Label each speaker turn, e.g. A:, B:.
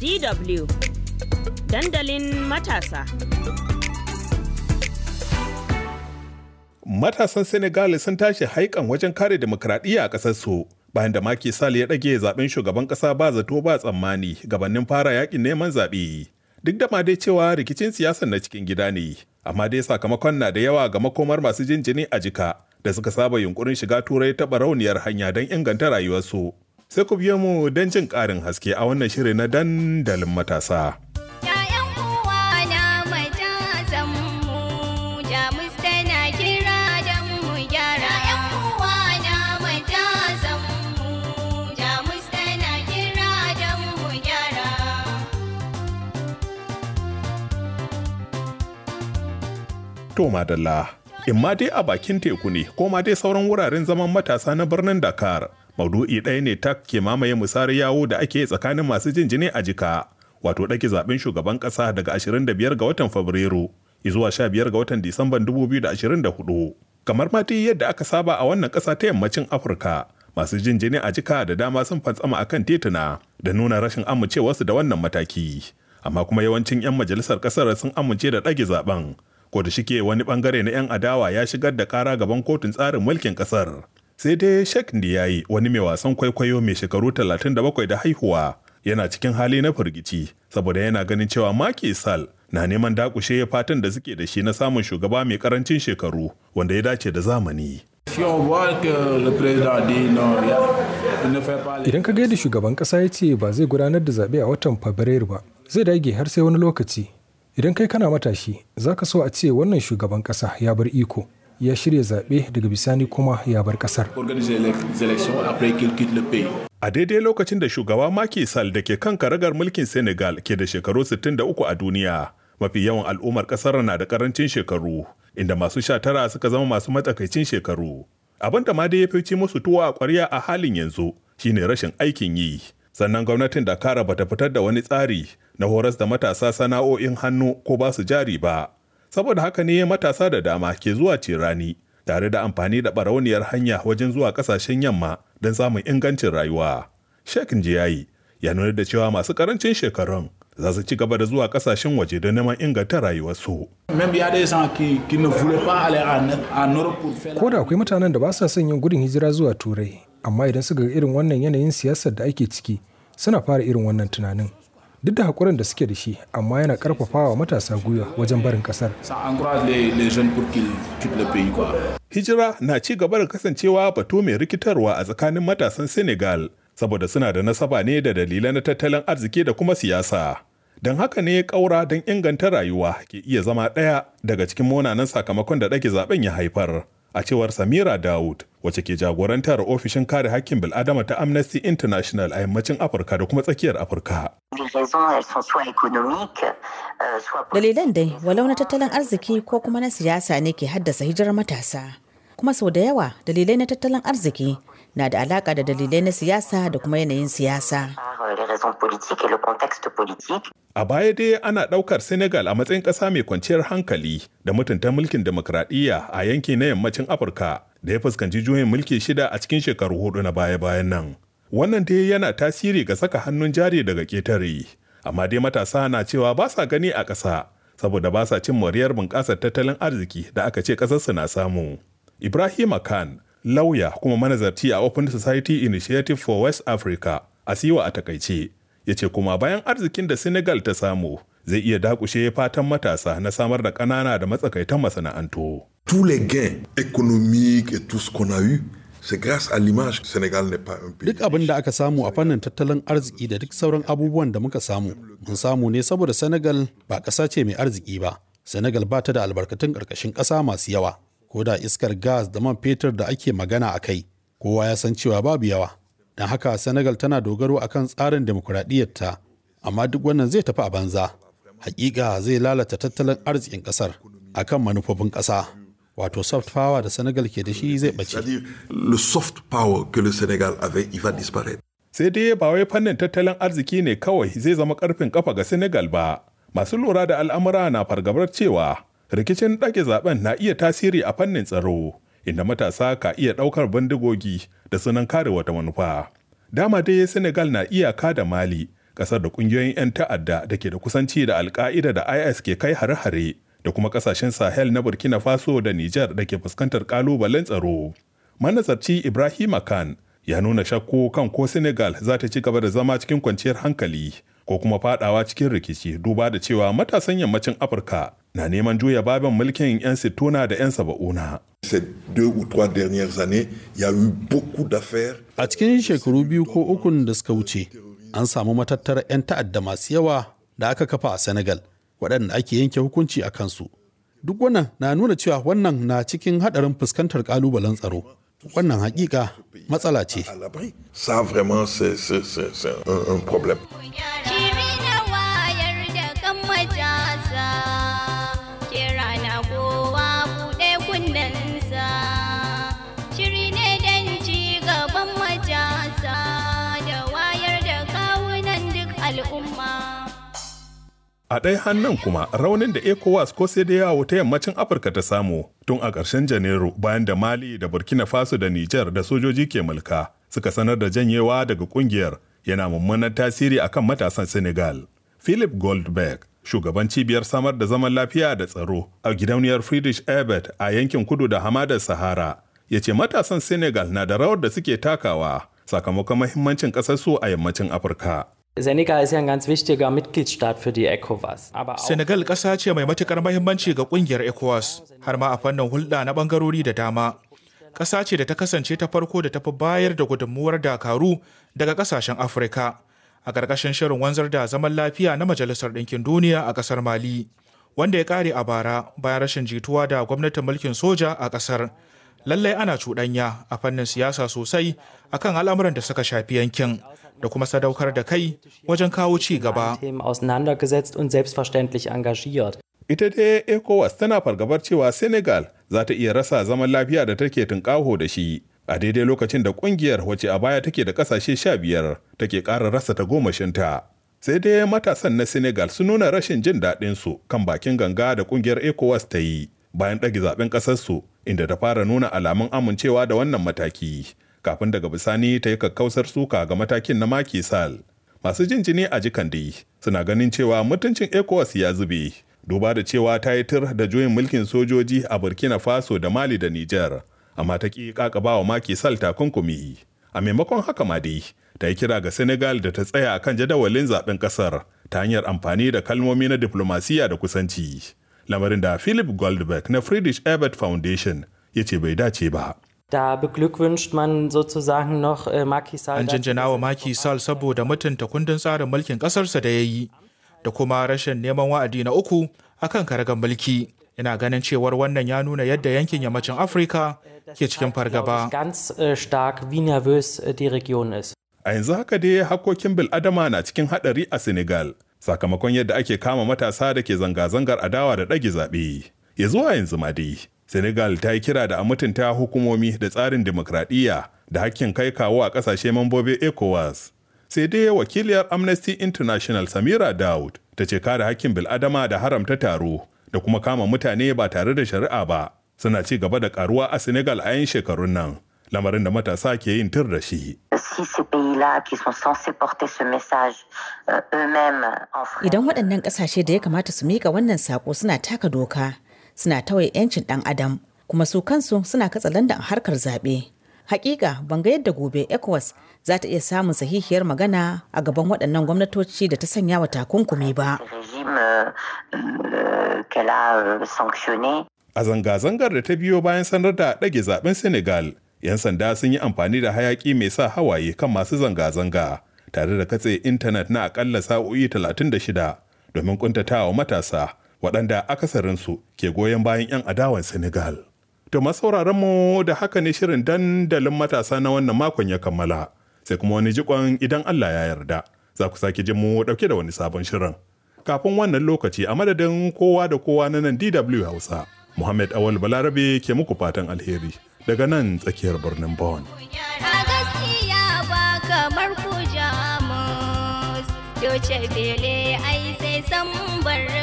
A: DW dandalin matasa. Matasan Senegal sun tashi haikan wajen kare demokradiyya a ƙasarsu. bayan da Macky Sall ya ɗage zaben shugaban ƙasa ba zato ba tsammani gabanin fara yakin neman zaɓe. Duk da ma dai cewa rikicin siyasa na cikin gida ne, amma dai sakamakon na da yawa ga makomar masu jinjini a jika da suka saba yunkurin shiga turai taɓa rauniyar hanya don inganta rayuwarsu. sai ku biyo mu don jin ƙarin haske a wannan shirin na dandalin matasa. to madalla in ma dai a bakin teku ne ko ma dai sauran wuraren zaman matasa na birnin dakar maudu'i ɗaya ne ta ke mamaye musari yawo da ake tsakanin masu jinjini a jika wato ɗage zaɓen shugaban ƙasa daga 25 ga watan fabrairu zuwa 15 ga watan disamban 2024 kamar mati yadda aka saba a wannan ƙasa ta yammacin afirka masu jinjini a jika da dama sun fantsama a kan tituna da nuna rashin amincewarsu da wannan mataki amma kuma yawancin 'yan majalisar ƙasar sun amince da ɗage zaɓen ko da shike wani ɓangare na 'yan adawa ya shigar da kara gaban kotun tsarin mulkin ƙasar. sai dai Sheikh yi wani mai wasan kwaikwayo mai shekaru 37 da haihuwa yana cikin hali na firgici saboda yana ganin cewa Macky Sall na neman dakushe fatan da suke da shi na samun shugaba mai karancin shekaru wanda ya dace da zamani. Idan ka gaida shugaban kasa ya ce ba zai gudanar da zaɓe a watan Fabrairu ba, zai dage har sai wani lokaci. Idan kai kana matashi, za ka so a ce wannan shugaban kasa ya bar iko. ya shirya zaɓe daga bisani kuma ya bar ƙasar. A daidai lokacin da shugaba Macky Sall da ke kan karagar mulkin Senegal ke da shekaru 63 a duniya, mafi yawan al'ummar ƙasar na da ƙarancin shekaru, inda masu sha tara suka zama masu matsakaicin shekaru. Abin da ma dai ya fice musu tuwa a ƙwarya a halin yanzu shine rashin aikin yi. Sannan gwamnatin da Dakara bata fitar da wani tsari na horas da matasa sana'o'in hannu ko ba su jari ba. saboda haka ne matasa da dama ke zuwa cirani tare da amfani da barauniyar hanya wajen zuwa kasashen yamma don samun ingancin rayuwa sheikh jiyayi ya nuna da cewa masu karancin shekarun za su ci gaba da zuwa kasashen waje don neman inganta rayuwarsu. Ko da akwai mutanen da ba sa son yin gudun hijira zuwa turai, amma idan suka ga irin wannan yanayin siyasar da ake ciki, suna fara irin wannan tunanin. duk da haƙurin da suke da shi amma yana ƙarfafawa matasa gwiwa wajen barin kasar Hijira na ci gaba da kasancewa batu mai rikitarwa a tsakanin matasan Senegal saboda suna da nasaba ne da dalilan na tattalin arziki da kuma siyasa. Don haka ne ƙaura don inganta rayuwa ke iya zama ɗaya daga cikin munanan sakamakon da ɗage zaben ya haifar. a cewar samira dawud wace ke jagorantar ofishin kare hakkin bil'adama ta amnesty international a yammacin afirka da kuma tsakiyar afirka dalilan dai walau na tattalin arziki ko kuma na siyasa ne ke haddasa hijirar matasa kuma sau da yawa dalilai na tattalin arziki na da alaka da dalilai na siyasa da kuma yanayin siyasa les raisons politiques et le contexte politique. A baya dai ana ɗaukar Senegal a matsayin ƙasa mai kwanciyar hankali da mutunta mulkin demokradiyya a yanki na yammacin Afirka da ya fuskanci juyin mulki shida a cikin shekaru hudu na baya-bayan nan. Wannan dai yana tasiri ga saka hannun jari daga ƙetare, amma dai matasa na cewa ba sa gani a ƙasa saboda ba sa cin moriyar bunƙasar tattalin arziki da aka ce ƙasarsu na samu. Ibrahim Khan, lauya kuma manazarci a Open Society Initiative for West Africa asiwa a takaice ya ce kuma bayan arzikin da senegal ta samu zai iya dakushe fatan matasa na samar da ƙanana da matsakaitan masana'antu. Tous les gains économiques et Duk abin da aka samu a fannin tattalin arziki da duk sauran abubuwan da muka samu, mun samu ne saboda Senegal ba ƙasa ce mai arziki ba. Senegal ba ta da albarkatun ƙarƙashin ƙasa masu yawa, ko da iskar gas da man fetur da ake magana a kai, kowa ya san cewa babu yawa. don haka senegal tana dogaro a kan tsarin demokuraɗiyyarta amma duk wannan zai tafi a banza hakika zai lalata tattalin arzikin kasar akan manufofin ƙasa wato soft power da senegal ke da shi zai ɓace sai dai ba wai fannin tattalin arziki ne kawai zai zama karfin kafa ga senegal ba masu lura da al'amura na fargabar cewa rikicin ɗage zaben na iya tasiri a fannin tsaro inda matasa ka iya ɗaukar bandigogi da sunan kare wata manufa. Dama dai Senegal na iyaka da Mali, ƙasar da ƙungiyoyin 'yan ta'adda da ke da kusanci da Alƙa'ida da IS ke kai hare-hare da kuma ƙasashen Sahel na Burkina Faso da Nijar da ke fuskantar ƙalubalen tsaro. Manazarci Ibrahim Khan ya nuna shakku kan ko Senegal za ta ci gaba da zama cikin kwanciyar hankali ko kuma faɗawa cikin rikici duba da cewa matasan yammacin Afirka na neman juya babin mulkin 'yan sittuna da 'yan saba'una. A cikin shekaru biyu ko ukun da suka wuce, an samu matattar 'yan ta'adda masu yawa da aka kafa a Senegal, waɗanda ake yanke hukunci a kansu. Duk wannan na nuna cewa wannan na cikin haɗarin fuskantar ƙalubalen tsaro. Wannan haƙiƙa matsala ce. a ɗaya hannun kuma raunin da ecowas ko sai da yawo ta yammacin afirka ta samu tun a ƙarshen janairu bayan da mali da burkina faso da niger da sojoji ke mulka suka sanar da janyewa daga ƙungiyar yana mummunan tasiri a kan matasan senegal philip goldberg shugaban cibiyar samar da zaman lafiya da tsaro a gidauniyar friedrich ebert a yankin kudu da hamadar sahara ya ce matasan senegal na da rawar da suke takawa sakamakon mahimmancin ƙasarsu a yammacin afirka Senegal ist ja ein ganz wichtiger Mitgliedstaat für die ECOWAS. Senegal ƙasa ce mai matuƙar mahimmanci ga kungiyar ECOWAS, har ma a fannin hulɗa na bangarori da dama. Ƙasa ce da ta kasance ta farko da ta fi bayar da gudunmuwar dakaru daga ƙasashen Afirka, a ƙarƙashin shirin wanzar da zaman lafiya na Majalisar Ɗinkin Duniya a ƙasar Mali, wanda ya ƙare a bara bayan rashin jituwa da gwamnatin mulkin soja a ƙasar. Lallai ana cuɗanya a fannin siyasa sosai akan al'amuran da suka shafi yankin. da kuma sadaukar da kai wajen kawo ci gaba. Ita dai ECOWAS tana fargabar cewa Senegal za ta iya rasa zaman lafiya da take tunƙaho da shi. A daidai lokacin da ƙungiyar wace a baya take da ƙasashe sha biyar take ƙara rasa ta gomashinta. Sai dai matasan na Senegal sun nuna rashin jin daɗinsu kan bakin ganga da ƙungiyar ECOWAS ta yi bayan ɗage zaɓen ƙasarsu inda ta fara nuna alamun amincewa da wannan mataki. kafin daga bisani ta yi kakkausar suka ga matakin na maki sal masu jinjini a jikan dai suna ganin cewa mutuncin ecowas ya zube duba da cewa ta yi tir da juyin mulkin sojoji a burkina faso da mali da niger amma ta ƙi kakaba wa maki sal takunkumi a maimakon haka ma dai ta yi kira ga senegal da ta tsaya a kan jadawalin zaben ƙasar ta hanyar amfani da kalmomi na diplomasiya da kusanci lamarin da philip goldberg na friedrich ebert foundation ya ce bai dace ba Da beglückwünscht man sozusagen noch an äh, Macky Sall. Er saboda mutunta kundin tsarin mulkin ƙasarsa da ya yi da kuma rashin neman wa'adi na uku akan karagar mulki. Ina ganin cewar wannan ya nuna yadda yankin yammacin Afirka ke cikin fargaba. Äh, äh, a yanzu haka dai hakkokin bil'adama na cikin haɗari a Senegal sakamakon yadda ake kama matasa da ke zanga-zangar adawa da ɗage zaɓe. Ya zuwa yanzu ma dai senegal ta yi kira da a mutunta hukumomi da tsarin demokradiyya da hakkin kai kawo a kasashe mambobin ecowas sai dai wakiliyar amnesty international samira daud ta ce kare hakkin bil'adama da haramta taro da kuma kama mutane ba tare da shari'a ba suna ci gaba da karuwa a senegal a yan shekarun nan lamarin da matasa ke yin tur da shi. Euh, Idan waɗannan ƙasashe da ya kamata su miƙa wannan saƙo suna taka doka, suna tawaye 'yancin ɗan adam kuma su kansu suna katsa landan harkar zaɓe. Hakika ban ga yadda gobe ECOWAS za ta iya samun sahihiyar magana a gaban waɗannan gwamnatoci da ta sanya wa takunkumi ba. A zanga-zangar da ta biyo bayan sanar da ɗage zaben Senegal, 'yan sanda sun yi amfani da hayaƙi mai sa hawaye kan masu zanga-zanga tare da katse intanet na akalla sa'o'i 36 domin ƙuntatawa matasa waɗanda akasarinsu ke goyon bayan 'yan adawan Senegal. To masauraran mu da haka ne shirin dandalin matasa na wannan makon ya kammala, sai kuma wani jikon idan Allah ya yarda, za ku sake jin mu ɗauke da wani sabon shirin. Kafin wannan lokaci a madadin kowa da kowa na nan DW Hausa, Muhammad Awal Balarabe ke muku fatan alheri daga nan tsakiyar birnin Bonn. Yau ce bele ai sai san